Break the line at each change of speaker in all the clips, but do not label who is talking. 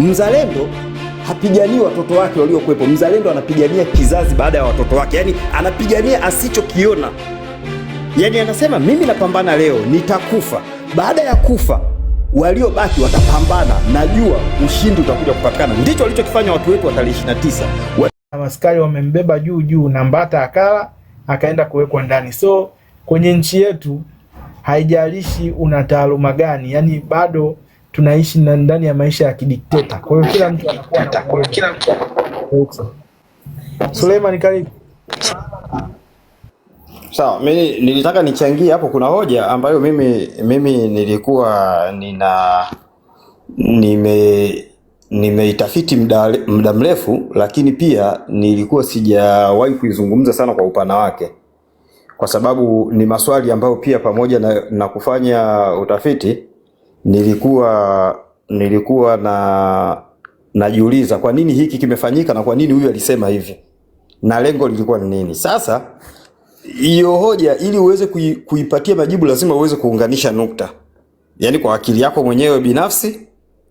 Mzalendo hapiganii watoto wake waliokuwepo. Mzalendo anapigania kizazi baada ya watoto wake, yaani anapigania asichokiona. Yaani anasema mimi napambana leo, nitakufa. Baada ya kufa waliobaki watapambana, najua ushindi utakuja kupatikana. Ndicho walichokifanya watu wetu wa tarehe 29
na askari wamembeba juu juu na Mbata akala akaenda kuwekwa ndani. So kwenye nchi yetu haijalishi una taaluma gani, yani bado tunaishi ndani ya maisha ya kidikteta. Kwa hiyo kila mtu anakuwa kila mtu. Suleiman, karibu.
Sawa, mimi nilitaka nichangie hapo. Kuna hoja ambayo mimi mimi nilikuwa nina nime nimeitafiti muda mrefu, lakini pia nilikuwa sijawahi kuizungumza sana kwa upana wake, kwa sababu ni maswali ambayo pia pamoja na, na kufanya utafiti nilikuwa nilikuwa na najiuliza kwa nini hiki kimefanyika na kwa nini huyu alisema hivi na lengo lilikuwa ni nini. Sasa hiyo hoja ili uweze kui, kuipatia majibu lazima uweze kuunganisha nukta, yaani kwa akili yako mwenyewe binafsi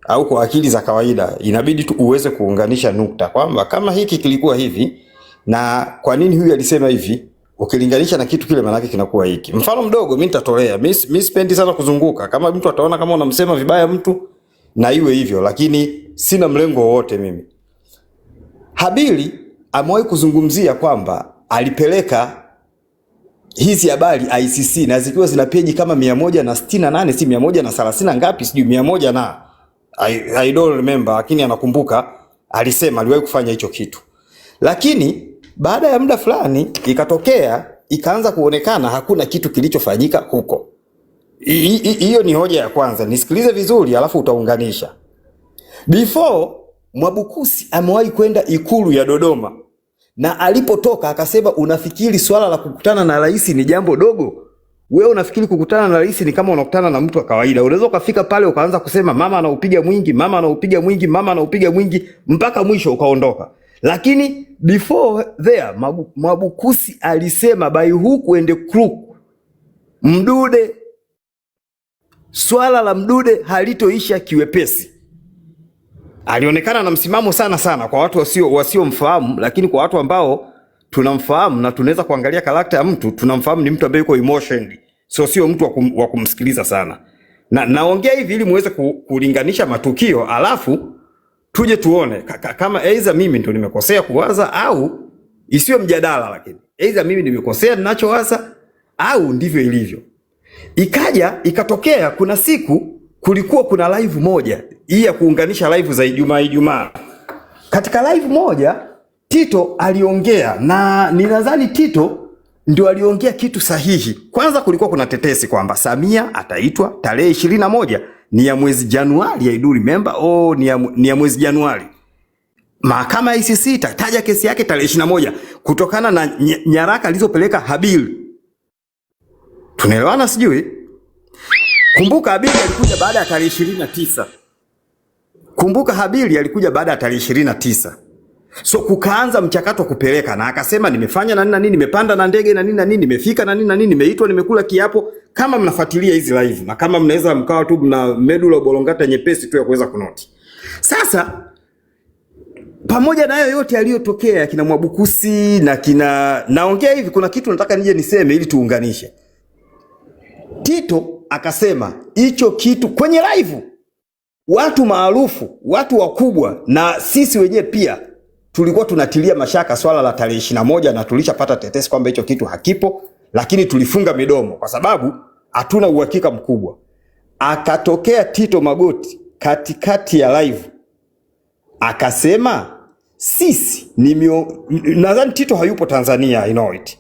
au kwa akili za kawaida inabidi tu uweze kuunganisha nukta kwamba kama hiki kilikuwa hivi na kwa nini huyu alisema hivi ukilinganisha na kitu kile, maanake kinakuwa hiki. Mfano mdogo mimi nitatolea, mimi sipendi sana kuzunguka. Kama mtu ataona kama unamsema vibaya mtu, na iwe hivyo, lakini sina mlengo wowote mimi. Habili amewahi kuzungumzia kwamba alipeleka hizi habari ICC na zikiwa zina peji kama mia moja na sitini na nane si mia moja na thelathini ngapi, sijui mia moja na I, I don't remember, lakini anakumbuka alisema aliwahi kufanya hicho kitu, lakini baada ya muda fulani ikatokea ikaanza kuonekana hakuna kitu kilichofanyika huko. Hiyo ni hoja ya kwanza, nisikilize vizuri, alafu utaunganisha. Before Mwabukusi amewahi kwenda ikulu ya Dodoma na alipotoka akasema, unafikiri swala la kukutana na rais ni jambo dogo? Wewe unafikiri kukutana na rais ni kama unakutana na mtu wa kawaida? Unaweza ukafika pale ukaanza kusema mama anaupiga mwingi, mama anaupiga mwingi, mama anaupiga mwingi mpaka mwisho ukaondoka. Lakini before there Mwabukusi alisema by hook and crook, Mdude, swala la Mdude halitoisha kiwepesi. Alionekana na msimamo sana sana kwa watu wasio wasiomfahamu, lakini kwa watu ambao tunamfahamu na tunaweza kuangalia karakta ya mtu, tunamfahamu ni mtu ambaye yuko emotionally, so sio mtu wa kumsikiliza sana, na naongea hivi ili muweze kulinganisha matukio alafu tuje tuone kama aidha mimi ndo nimekosea kuwaza au isiwe mjadala, lakini aidha mimi nimekosea ninachowaza au ndivyo ilivyo. Ikaja ikatokea kuna siku kulikuwa kuna live moja hii ya kuunganisha live za Ijumaa Ijumaa. Katika live moja Tito aliongea na ninadhani Tito ndio aliongea kitu sahihi. Kwanza kulikuwa kuna tetesi kwamba Samia ataitwa tarehe ishirini na moja ni ya mwezi Januari, I do remember. Oh, ni ya, ni ya mwezi Januari. Mahakama ya ICC itataja kesi yake tarehe ishirini moja kutokana na nyaraka alizopeleka Habil. Tunaelewana sijui? Kumbuka Habil alikuja baada ya tarehe ishirini tisa. Kumbuka Habil alikuja baada ya tarehe ishirini tisa. So kukaanza mchakato wa kupeleka na akasema nimefanya na nini na nini, nimepanda na ndege na nini na nini, nimefika na nini na nini, nimeitwa, nimekula kiapo kama mnafuatilia hizi live na kama mnaweza mkawa tu mna medula bolongata nyepesi tu ya kuweza kunoti. Sasa pamoja na hayo yote yaliyotokea kina Mwabukusi na kina, naongea hivi, kuna kitu nataka nije niseme ili tuunganishe. Tito akasema hicho kitu kwenye live, watu maarufu, watu wakubwa na sisi wenyewe pia tulikuwa tunatilia mashaka swala la tarehe ishirini na moja na tulishapata tetesi kwamba hicho kitu hakipo lakini tulifunga midomo kwa sababu hatuna uhakika mkubwa. Akatokea Tito Magoti katikati ya live akasema sisi ni mio... nadhani Tito hayupo Tanzania, I know it.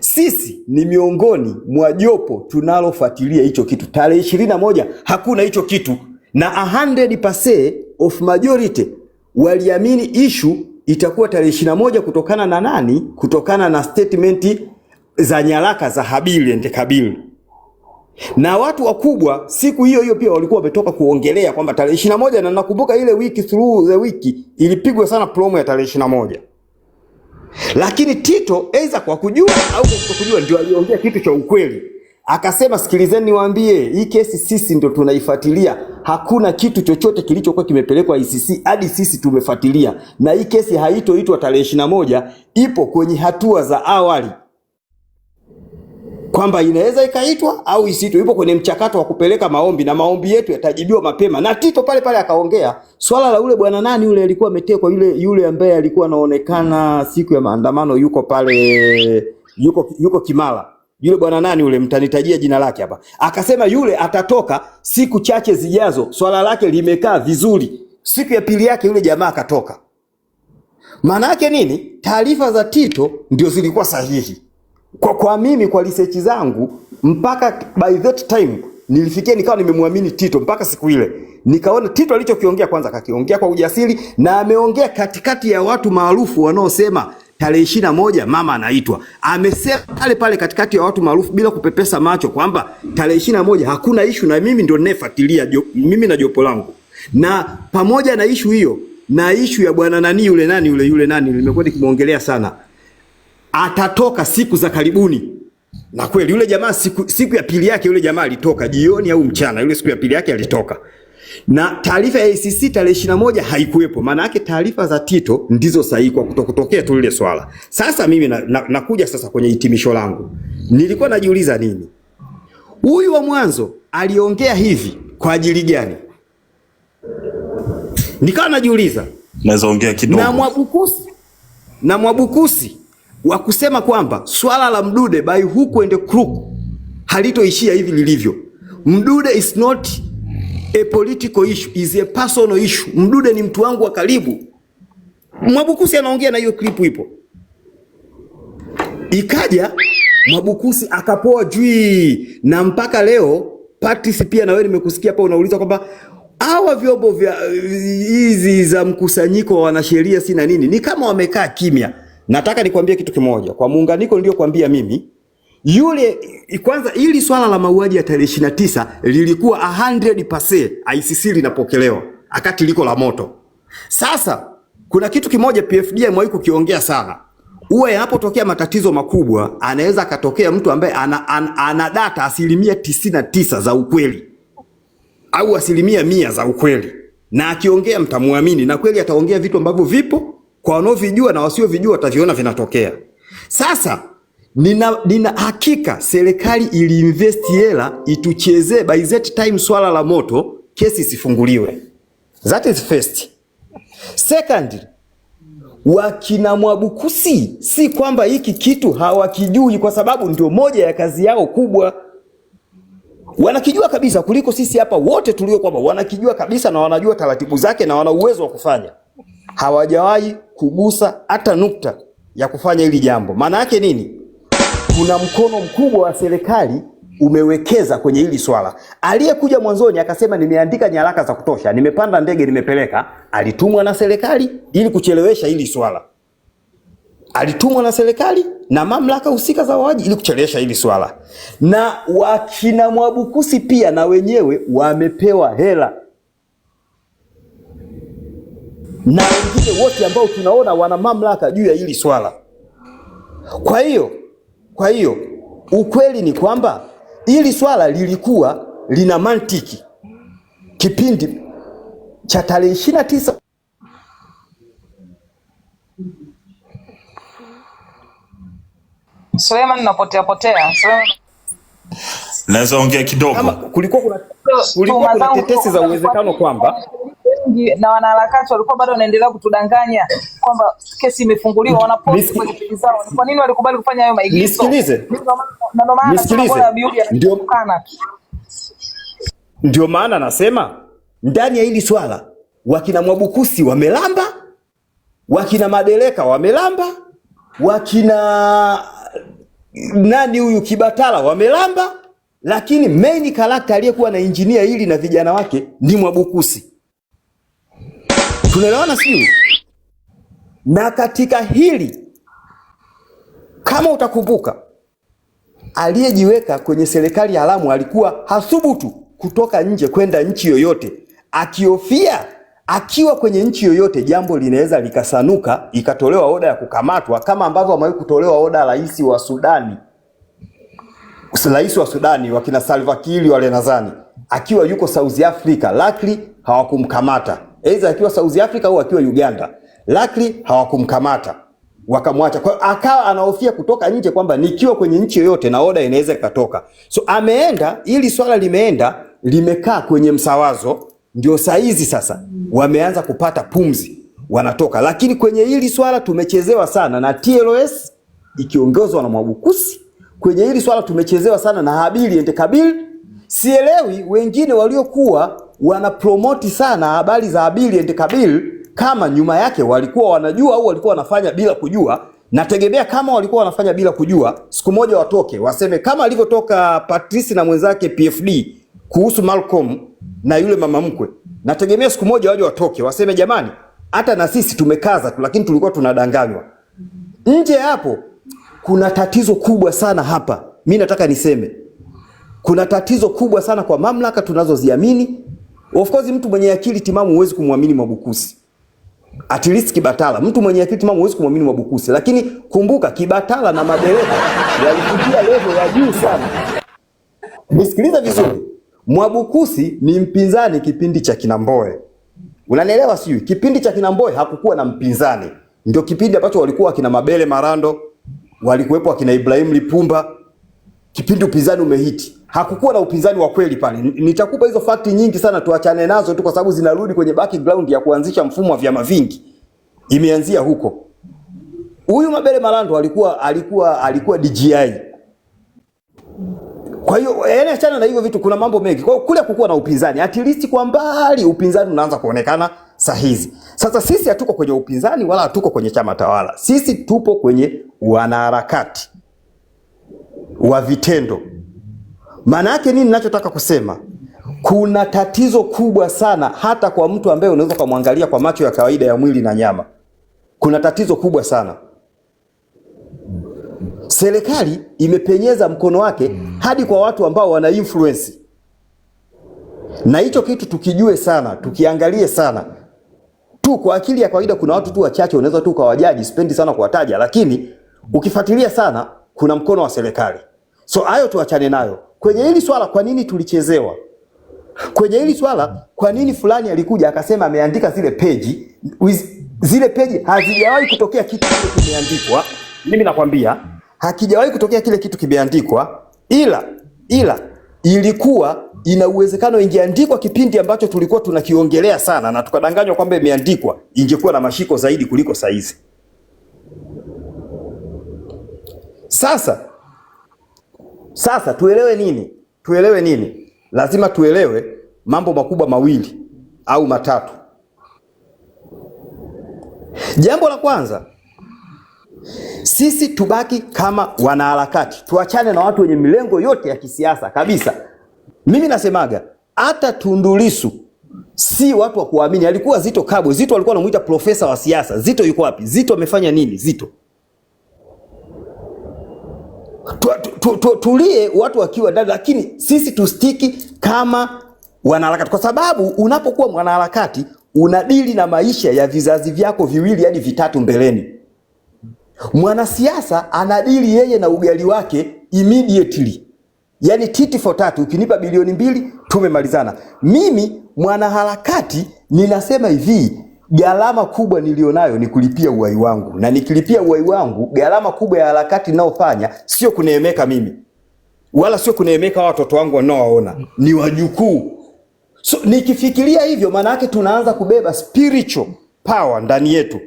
Sisi ni miongoni mwa jopo tunalofuatilia hicho kitu. Tarehe ishirini na moja hakuna hicho kitu, na 100% of majority waliamini ishu itakuwa tarehe ishirini na moja kutokana na nani? Kutokana na statement za nyaraka za Habili ende Kabili na watu wakubwa siku hiyo hiyo pia walikuwa wametoka kuongelea kwamba tarehe ishirini na moja na nakumbuka ile wiki through the wiki ilipigwa sana promo ya tarehe ishirini na moja lakini Tito aidha kwa kujua au kwa kutokujua ndio aliongea kitu cha ukweli, akasema sikilizeni, niwaambie hii kesi sisi ndio tunaifuatilia. Hakuna kitu chochote kilichokuwa kimepelekwa ICC hadi sisi tumefuatilia, na hii kesi haitoitwa tarehe ishirini na moja, ipo kwenye hatua za awali kwamba inaweza ikaitwa au isitwe, Ipo kwenye mchakato wa kupeleka maombi na maombi yetu yatajibiwa mapema. Na Tito pale pale akaongea swala la ule bwana nani yule alikuwa ametekwa, yule yule ambaye alikuwa anaonekana siku ya maandamano yuko pale, yuko yuko Kimara yule bwana nani yule, mtanitajia jina lake hapa. Akasema yule atatoka siku chache zijazo, swala lake limekaa vizuri. Siku ya pili yake yule jamaa akatoka. Maana yake nini? Taarifa za Tito ndio zilikuwa sahihi kwa, kwa mimi kwa research zangu mpaka by that time nilifikia nikawa nimemwamini Tito mpaka siku ile nikaona Tito alichokiongea kwanza kakiongea kwa ujasiri na ameongea katikati ya watu maarufu wanaosema tarehe ishirini na moja mama anaitwa. Amesema pale pale katikati ya watu maarufu bila kupepesa macho kwamba tarehe ishirini na moja hakuna ishu, na mimi ndio ninayefuatilia mimi na jopo langu, na pamoja na ishu hiyo na ishu ya bwana nani yule nani yule yule nani, nimekuwa nikimwongelea sana atatoka siku za karibuni. Na kweli yule jamaa siku, siku ya pili yake yule jamaa alitoka jioni au mchana, yule siku ya pili yake alitoka, na taarifa ya ACC tarehe ishirini na moja haikuwepo. Maana yake taarifa za Tito ndizo sahihi kwa kutokutokea tu lile swala. Sasa mimi na, na, nakuja sasa kwenye hitimisho langu, nilikuwa najiuliza nini, huyu wa mwanzo aliongea hivi kwa ajili gani? Nikawa najiuliza, naweza ongea kidogo na Mwabukusi na Mwabukusi wa kusema kwamba swala la Mdude by hook and crook halitoishia hivi lilivyo. Mdude is not a political issue, is a personal issue. Mdude ni mtu wangu wa karibu. Mwabukusi anaongea na hiyo clip ipo. Ikaja Mwabukusi akapoa juu na mpaka leo Patrice, pia na wewe nimekusikia hapa unauliza kwamba hawa vyombo vya hizi za mkusanyiko wa wanasheria sina nini, ni kama wamekaa kimya. Nataka nikwambie kitu kimoja kwa muunganiko niliyokuambia mimi yule kwanza, ili swala la mauaji ya tarehe ishirini na tisa lilikuwa 100% ICC linapokelewa akati liko la moto. Sasa kuna kitu kimoja PFD amewahi kukiongea sana, huwa yanapotokea matatizo makubwa anaweza akatokea mtu ambaye ana, ana, ana data asilimia tisini na tisa za ukweli au asilimia mia za ukweli, na akiongea mtamwamini, na kweli ataongea vitu ambavyo vipo kwa wanaovijua na wasiovijua wataviona vinatokea. Sasa nina, nina hakika serikali iliinvesti hela ituchezee, by that time swala la moto kesi isifunguliwe. That is first. Second, wakina Mwabukusi si kwamba hiki kitu hawakijui, kwa sababu ndio moja ya kazi yao kubwa, wanakijua kabisa kuliko sisi hapa wote tulio kwamba wanakijua kabisa na wanajua taratibu zake na wana uwezo wa kufanya hawajawahi kugusa hata nukta ya kufanya hili jambo. Maana yake nini? Kuna mkono mkubwa wa serikali umewekeza kwenye hili swala. Aliyekuja mwanzoni akasema nimeandika nyaraka za kutosha, nimepanda ndege, nimepeleka, alitumwa na serikali ili kuchelewesha hili swala, alitumwa na serikali na mamlaka husika za wawaji ili kuchelewesha hili swala. Na wakina Mwabukusi pia na wenyewe wamepewa hela na wengine wote ambao tunaona wana mamlaka juu ya hili swala. Kwa hiyo kwa hiyo ukweli ni kwamba hili swala lilikuwa lina mantiki kipindi cha tarehe ishirini na tisa
Suleiman, napotea potea.
Naweza ongea kidogo. Kulikuwa kuna kulikuwa kuna tetesi za uwezekano kwamba wengi na wanaharakati walikuwa bado wanaendelea kutudanganya kwamba kesi imefunguliwa, wanaposti kwenye peji zao. kwa nini walikubali kufanya hayo maigizo? Nisikilize, ndio maana ndio maana nasema ndani ya hili swala wakina Mwabukusi wamelamba, wakina Madeleka wamelamba, wakina nani huyu Kibatala wamelamba, lakini main character aliyekuwa na injinia hili na vijana wake ni Mwabukusi. Tunaelewana sio? Na katika hili kama utakumbuka, aliyejiweka kwenye serikali ya haramu alikuwa hasubutu kutoka nje kwenda nchi yoyote, akihofia akiwa kwenye nchi yoyote jambo linaweza likasanuka, ikatolewa oda ya kukamatwa, kama ambavyo wamewahi kutolewa oda rais wa Sudani, rais wa Sudani wakina Salva Kiir wale, nadhani akiwa yuko South Africa, lakini hawakumkamata aidha akiwa South Africa au akiwa Uganda. Luckily hawakumkamata wakamwacha. Kwa hiyo akawa anahofia kutoka nje kwamba nikiwa kwenye nchi yoyote na oda inaweza ikatoka. So ameenda, ili swala limeenda limekaa kwenye msawazo, ndio saizi sasa wameanza kupata pumzi, wanatoka. Lakini kwenye hili swala tumechezewa sana na TLS ikiongozwa na Mwabukusi. Kwenye hili swala tumechezewa sana na Habili ende Kabili. Sielewi wengine waliokuwa wanapromoti sana habari za Abili and Kabil kama nyuma yake walikuwa wanajua au walikuwa wanafanya bila kujua. Nategemea kama walikuwa wanafanya bila kujua, siku moja watoke waseme kama alivyotoka Patrice na mwenzake PFD kuhusu Malcolm na yule mama mkwe. Nategemea siku moja waje watoke waseme, jamani, hata na sisi tumekaza tu, lakini tulikuwa tunadanganywa. Nje hapo kuna tatizo kubwa sana hapa. Mimi nataka niseme kuna tatizo kubwa sana kwa mamlaka tunazoziamini Of course mtu mwenye akili timamu huwezi kumwamini Mwabukusi. At least Kibatala, mtu mwenye akili timamu huwezi kumwamini Mwabukusi, lakini kumbuka Kibatala na madereva yalifikia level ya juu sana. Nisikiliza vizuri. Mwabukusi ni mpinzani kipindi cha Kinamboe. Unanielewa sijui? Kipindi cha Kinamboe hakukuwa na mpinzani. Ndio kipindi ambacho walikuwa akina Mabele Marando, walikuwepo akina Ibrahim Lipumba. Kipindi upinzani umehiti hakukuwa na upinzani wa kweli pale. Nitakupa hizo fakti nyingi sana, tuachane nazo tu, kwa sababu zinarudi kwenye background ya kuanzisha mfumo wa vyama vingi, imeanzia huko. Huyu Mabele Malando alikuwa alikuwa alikuwa DGI. Kwa hiyo yaani, achana na hivyo vitu, kuna mambo mengi. Kwa hiyo kule kukuwa na upinzani, at least kwa mbali upinzani unaanza kuonekana saa hizi. Sasa sisi hatuko kwenye upinzani wala hatuko kwenye chama tawala, sisi tupo kwenye wanaharakati wa vitendo. Maana yake nini ninachotaka kusema? Kuna tatizo kubwa sana hata kwa mtu ambaye unaweza kumwangalia kwa macho ya kawaida ya mwili na nyama. Kuna tatizo kubwa sana. Serikali imepenyeza mkono wake hadi kwa watu ambao wana influence. Na hicho kitu tukijue sana, tukiangalie sana. Tu kwa akili ya kawaida kuna watu tu wachache unaweza tu ukawajaji, sipendi sana kuwataja, lakini ukifuatilia sana kuna mkono wa serikali. So hayo tuachane nayo kwenye hili swala, kwa nini tulichezewa? Kwenye hili swala, kwa nini fulani alikuja akasema ameandika zile peji, zile peji hazijawahi kutokea kitu kile kimeandikwa. Mimi nakwambia hakijawahi kutokea kile kitu kimeandikwa, ila ila ilikuwa ina uwezekano ingeandikwa kipindi ambacho tulikuwa tunakiongelea sana na tukadanganywa kwamba imeandikwa, ingekuwa na mashiko zaidi kuliko saizi. Sasa sasa tuelewe nini? Tuelewe nini? Lazima tuelewe mambo makubwa mawili au matatu. Jambo la kwanza, sisi tubaki kama wanaharakati, tuachane na watu wenye milengo yote ya kisiasa kabisa. Mimi nasemaga hata Tundu Lissu si watu wa kuamini. Alikuwa Zito Kabwe, Zito alikuwa anamuita profesa wa siasa. Zito yuko wapi? Zito amefanya nini? Zito tulie watu wakiwa ndani, lakini sisi tustiki kama wanaharakati, kwa sababu unapokuwa mwanaharakati unadili na maisha ya vizazi vyako viwili hadi yaani vitatu mbeleni. Mwanasiasa anadili yeye na ugali wake immediately, yani titi for tatu. Ukinipa bilioni mbili tumemalizana. Mimi mwanaharakati ninasema hivi gharama kubwa nilionayo ni kulipia uhai wangu, na nikilipia uhai wangu, gharama kubwa ya harakati ninayofanya sio kuneemeka mimi wala sio kuneemeka watoto wangu wanaowaona, ni wajukuu. So nikifikiria hivyo, maana yake tunaanza kubeba spiritual power ndani yetu.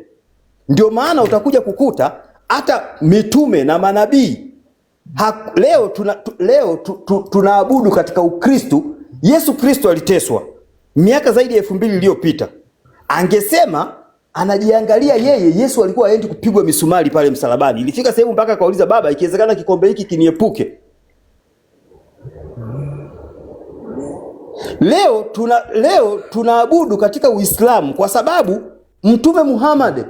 Ndio maana utakuja kukuta hata mitume na manabii leo tuna, tu, leo tu, tu, tunaabudu katika Ukristo. Yesu Kristo aliteswa miaka zaidi ya elfu mbili iliyopita angesema anajiangalia yeye, Yesu alikuwa aendi kupigwa misumari pale msalabani. Ilifika sehemu mpaka akauliza Baba, ikiwezekana kikombe hiki kiniepuke. Leo tuna leo tunaabudu katika Uislamu kwa sababu Mtume Muhammad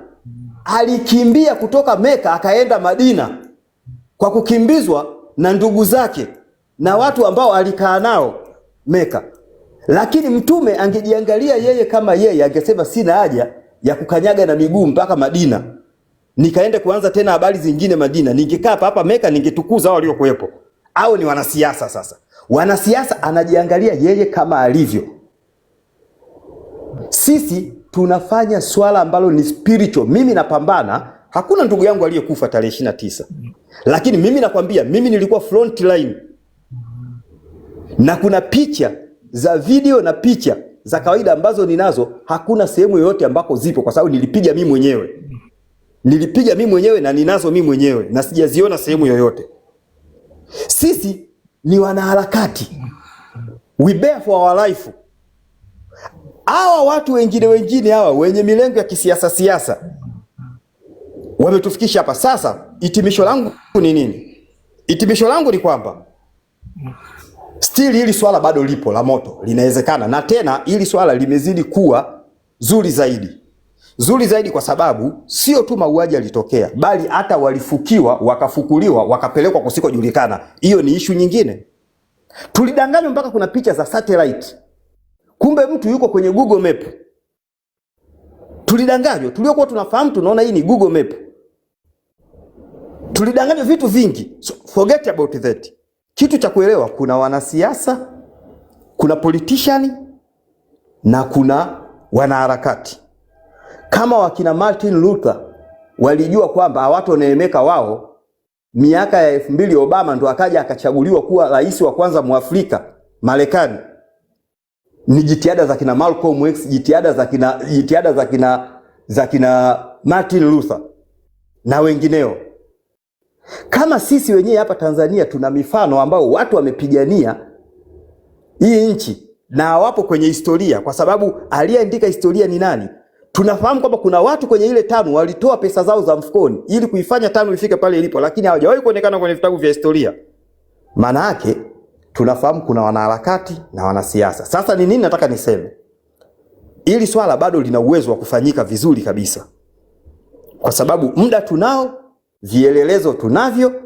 alikimbia kutoka Meka akaenda Madina kwa kukimbizwa na ndugu zake na watu ambao alikaa nao Meka. Lakini mtume angejiangalia yeye kama yeye, angesema sina haja ya kukanyaga na miguu mpaka Madina nikaenda kuanza tena habari zingine Madina. Ningekaa hapa hapa Meka, ningetukuza waliokuwepo. Au ni wanasiasa? Sasa wanasiasa anajiangalia yeye kama alivyo. Sisi tunafanya swala ambalo ni spiritual. Mimi napambana, hakuna ndugu yangu aliyekufa tarehe ishirini na tisa, lakini mimi nakwambia, mimi nilikuwa front line na kuna picha za video na picha za kawaida ambazo ninazo, hakuna sehemu yoyote ambako zipo, kwa sababu nilipiga mimi mwenyewe, nilipiga mimi mwenyewe na ninazo mimi mwenyewe na sijaziona sehemu yoyote. Sisi ni wanaharakati, we bear for our life. Hawa watu wengine wengine hawa wenye milengo ya kisiasa siasa wametufikisha hapa. Sasa hitimisho langu ni nini? Hitimisho langu ni kwamba Still hili swala bado lipo la moto, linawezekana. Na tena hili swala limezidi kuwa zuri zaidi, zuri zaidi kwa sababu sio tu mauaji yalitokea, bali hata walifukiwa, wakafukuliwa, wakapelekwa kusikojulikana. Hiyo ni ishu nyingine. Tulidanganywa mpaka kuna picha za satellite, kumbe mtu yuko kwenye Google Map. Tulidanganywa, tuliokuwa tunafahamu tunaona hii ni Google Map. Tulidanganywa vitu vingi, so forget about that kitu cha kuelewa, kuna wanasiasa, kuna politician na kuna wanaharakati. Kama wakina Martin Luther walijua kwamba hawatoneemeka wao, miaka ya elfu mbili Obama ndo akaja akachaguliwa kuwa rais wa kwanza Mwafrika Marekani. Ni jitihada za kina Malcolm X, jitihada za kina, jitihada za kina, za kina Martin Luther na wengineo. Kama sisi wenyewe hapa Tanzania tuna mifano ambao watu wamepigania hii nchi na wapo kwenye historia, kwa sababu aliyeandika historia ni nani? Tunafahamu kwamba kuna watu kwenye ile tano walitoa pesa zao za mfukoni ili kuifanya tano ifike pale ilipo, lakini hawajawahi kuonekana kwenye vitabu vya historia. Maana yake tunafahamu kuna wanaharakati na wanasiasa. Sasa ni nini nataka niseme? Ili swala bado lina uwezo wa kufanyika vizuri kabisa, kwa sababu muda tunao vielelezo tunavyo,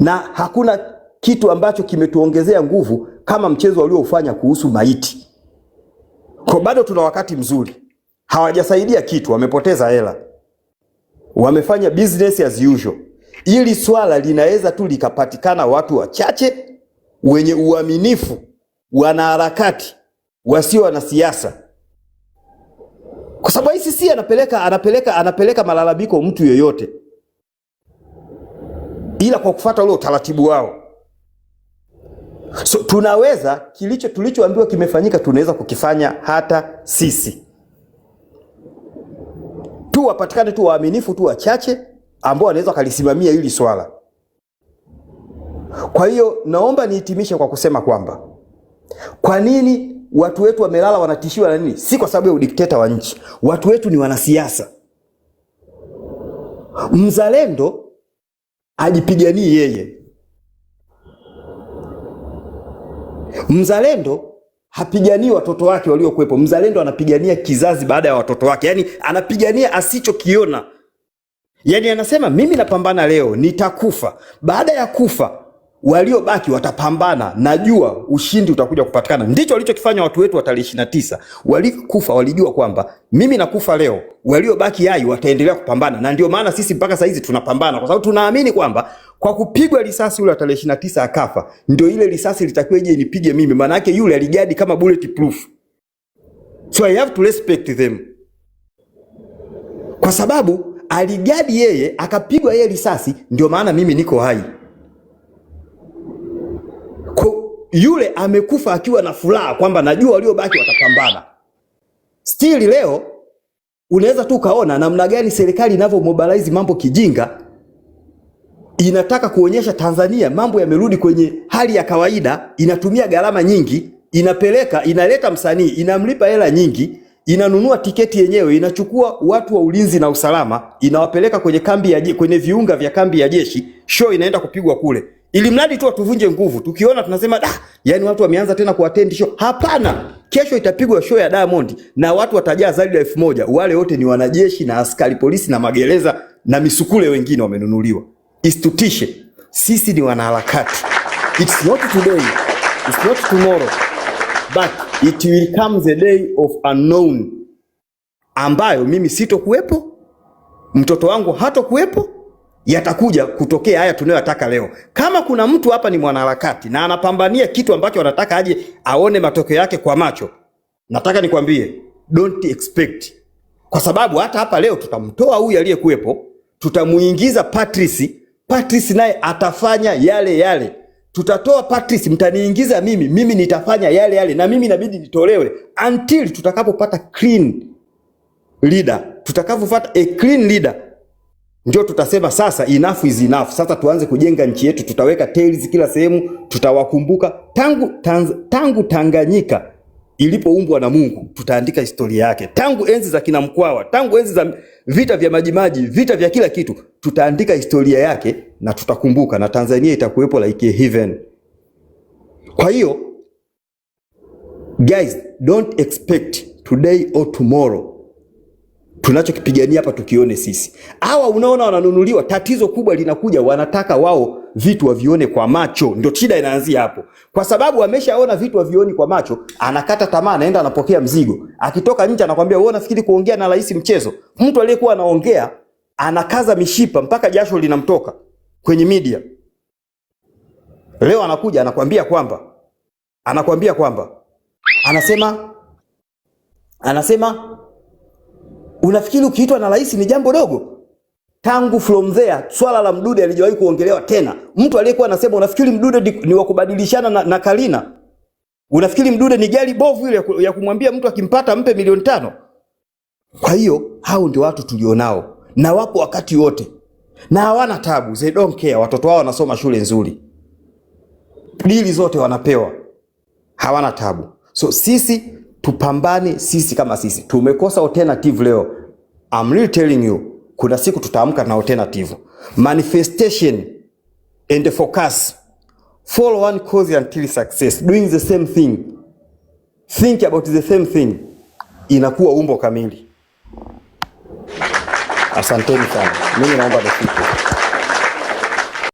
na hakuna kitu ambacho kimetuongezea nguvu kama mchezo waliofanya kuhusu maiti. Kwa bado tuna wakati mzuri, hawajasaidia kitu, wamepoteza hela, wamefanya business as usual. Ili swala linaweza tu likapatikana watu wachache wenye uaminifu, wanaharakati, wasio wanasiasa sababu ICC anapeleka anapeleka anapeleka malalamiko mtu yoyote, ila kwa kufuata ule utaratibu wao. So tunaweza kilicho tulichoambiwa kimefanyika, tunaweza kukifanya hata sisi tu, wapatikane tu waaminifu tu wachache ambao wanaweza wakalisimamia hili swala. Kwa hiyo naomba nihitimishe kwa kusema kwamba kwa nini watu wetu wamelala, wanatishiwa na nini? Si kwa sababu ya udikteta wa nchi. Watu wetu ni wanasiasa. Mzalendo ajipiganii yeye, mzalendo hapiganii watoto wake waliokuwepo. Mzalendo anapigania kizazi baada ya watoto wake, yaani anapigania asichokiona, yaani anasema mimi napambana leo, nitakufa, baada ya kufa waliobaki watapambana, najua ushindi utakuja kupatikana. Ndicho walichokifanya watu wetu wa tarehe ishirini na tisa. Walikufa walijua kwamba mimi nakufa leo, waliobaki hai wataendelea kupambana, na ndio maana sisi mpaka saizi tunapambana, kwa sababu tunaamini kwamba kwa kupigwa risasi yule wa tarehe ishirini na tisa akafa, ndio ile risasi litakiwa ije inipige mimi, yake yule aligadi kama bullet proof. So I have to respect them kwa sababu aligadi yeye, akapigwa yeye risasi, ndio maana mimi niko hai. yule amekufa akiwa na furaha kwamba najua waliobaki watapambana. Still leo unaweza tu ukaona namna gani serikali inavyomobilize mambo kijinga, inataka kuonyesha Tanzania mambo yamerudi kwenye hali ya kawaida, inatumia gharama nyingi, inapeleka inaleta msanii, inamlipa hela nyingi, inanunua tiketi yenyewe, inachukua watu wa ulinzi na usalama, inawapeleka kwenye kambi ya, kwenye viunga vya kambi ya jeshi, show inaenda kupigwa kule ili mradi tu atuvunje nguvu. Tukiona tunasema da, yani watu wameanza tena kuattend show. Hapana, kesho itapigwa show ya Diamond na watu watajaa zaidi ya elfu moja. Wale wote ni wanajeshi na askari polisi na magereza na misukule wengine wamenunuliwa. istutishe Sisi ni wanaharakati. It's not today. It's not tomorrow. But it will come the day of unknown ambayo mimi sitokuwepo, mtoto wangu hatokuwepo yatakuja kutokea haya tunayoyataka leo. Kama kuna mtu hapa ni mwanaharakati na anapambania kitu ambacho anataka aje aone matokeo yake kwa macho, nataka nikwambie don't expect, kwa sababu hata hapa leo tutamtoa huyu aliyekuwepo, tutamuingiza Patrice. Patrice naye atafanya yale yale. Tutatoa Patrice, mtaniingiza mimi, mimi nitafanya yale yale, na mimi inabidi nitolewe until tutakapopata clean leader, tutakapopata a clean leader ndio tutasema sasa enough is enough. Sasa tuanze kujenga nchi yetu, tutaweka tails kila sehemu, tutawakumbuka tangu, tanz, tangu Tanganyika ilipoumbwa na Mungu tutaandika historia yake, tangu enzi za kina Mkwawa, tangu enzi za vita vya Majimaji, vita vya kila kitu, tutaandika historia yake na tutakumbuka, na Tanzania itakuwepo like heaven. Kwa hiyo guys, don't expect today or tomorrow tunachokipigania hapa tukione sisi. Hawa unaona wananunuliwa, tatizo kubwa linakuja, wanataka wao vitu wavione kwa macho, ndio shida inaanzia hapo, kwa sababu ameshaona vitu wavioni kwa macho, anakata tamaa, anaenda anapokea mzigo, akitoka nje anakwambia wewe unafikiri kuongea na rais mchezo? Mtu aliyekuwa anaongea anakaza mishipa mpaka jasho linamtoka kwenye media, leo anakuja anakwambia kwamba anakwambia kwamba anasema anasema Unafikiri ukiitwa na rais ni jambo dogo? Tangu from there swala la Mdude alijawahi kuongelewa tena. Mtu aliyekuwa anasema unafikiri Mdude ni wa kubadilishana na, na Karina? Unafikiri Mdude ni gari bovu ile ya kumwambia mtu akimpata mpe milioni tano? Kwa hiyo hao ndio watu tulionao na wapo wakati wote na hawana tabu, they don't care. Watoto wao wanasoma shule nzuri, dili zote wanapewa, hawana tabu. So sisi tupambane, sisi kama sisi tumekosa alternative leo I'm really telling you, kuna siku tutaamka na alternative. Manifestation and the focus. Follow one cause until success. Doing the same thing. Think about the same thing. Inakuwa umbo kamili. Asanteni sana. Mimi naomba dafiki.